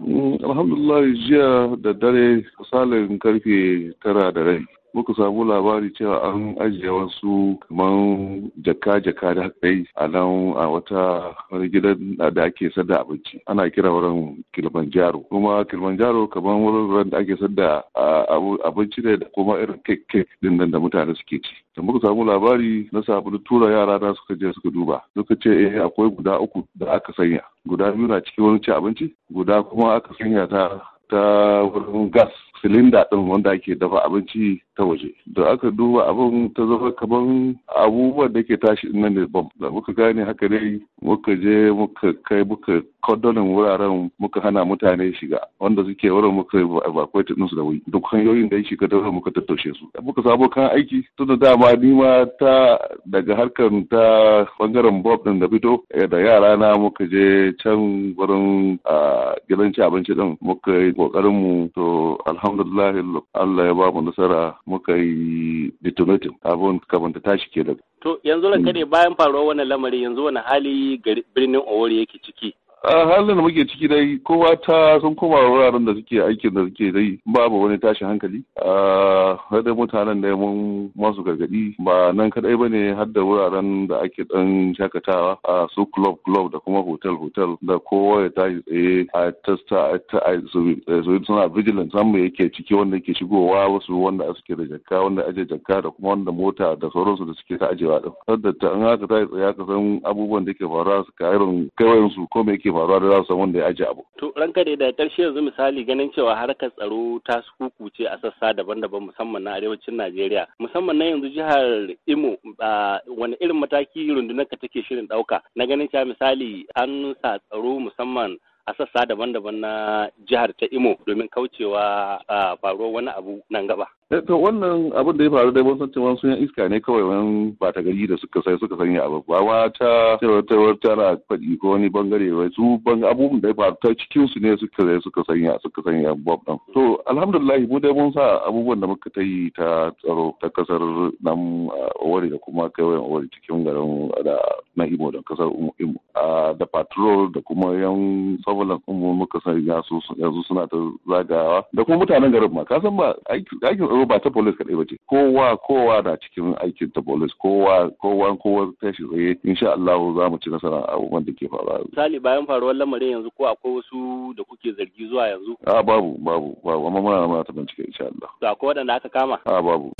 Mm, alhamdulillah jiya da dare misalin karfe tara da rai. muka samu labari cewa an ajiye wasu kaman jaka-jaka da kai a nan a wata wani gidan da ake sadda abinci ana kira wurin kilimanjaro kuma kilimanjaro kamar wurin da ake sadda abinci ne da kuma irin kek din nan da mutane suke ci da muka samu labari na sabu tura yara na suka je suka duba suka ce eh akwai guda uku da aka sanya guda biyu na cikin wani ci abinci guda kuma aka sanya ta ta wurin gas silinda ɗin wanda ake dafa abinci ta waje da aka duba abin ta zama kaman abubuwan da ke tashi nan ne bam da muka gane haka ne muka je muka kai muka kodolin wuraren muka hana mutane shiga wanda suke wurin muka evacuate ɗinsu da wuri duk hanyoyin da ya shiga da wurin muka tattaushe su muka samu kan aiki tunda dama ni ma ta daga harkar ta bangaren bob ɗin da fito eh, da yara na muka je can wurin ah, gidan ci abinci ɗin muka yi ƙoƙarin mu to alhamdulillah alhamdulillah Allah ya ba mu nasara muka yi detonating abin kafin tashi ke da to yanzu ran kaɗai mm. bayan faruwar wannan lamari yanzu wani hali birnin Owori yake ciki a halin da muke ciki dai kowa ta sun koma wuraren da suke aikin da suke dai babu wani tashin hankali a haɗin mutanen da mun masu gargaɗi ba nan kaɗai ba ne har da wuraren da ake ɗan shakatawa a su club club da kuma hotel hotel da kowa ya tashi tsaye a testa a suna vigilant samu yake ciki wanda yake shigowa wasu wanda suke da jakka wanda aje jakka da kuma wanda mota da sauransu da suke ta ajewa din. Sadda ta an haka tashi tsaye aka san abubuwan da ke faruwa su ka kaiwayen su ko me yake yake faruwa da za su samu wanda ya ajiye abu. To ranka da ƙarshe yanzu misali ganin cewa harkar tsaro ta ce a sassa daban-daban musamman na arewacin Najeriya musamman na yanzu jihar Imo wani irin mataki rundunarka ka take shirin ɗauka na ganin cewa misali an sa tsaro musamman a sassa daban-daban na jihar ta Imo domin kaucewa faruwar wani abu nan gaba. Eh, to wannan abin da ya faru dai san cewa sun iska ne kawai wani ba ta gari da suka sai suka sanya abu ba ma ta tawar tana faɗi ko wani bangare wai su ban abubuwan da ya faru ta cikin su ne suka sai suka sanya suka sanya bob din to alhamdulillah mu dai mun sa abubuwan da muka ta yi ta tsaro ta kasar nan wari da kuma kai wani wari cikin garin da na Imo da kasar Imo. Da patrol da kuma yan surveillance ɗin muka san yanzu suna ta zagawa da kuma mutanen garin ma kasan ba aikin tsaro ba ta police kaɗai ba ce kowa kowa na cikin aikin ta police kowa kowa kowa shi tsaye insha Allah za mu ci nasara a abubuwan da ke faruwa. Misali bayan faruwar lamarin yanzu ko akwai wasu da kuke zargi zuwa yanzu? A babu babu babu amma muna ta bincike insha Allah. Akwai waɗanda aka kama? A babu.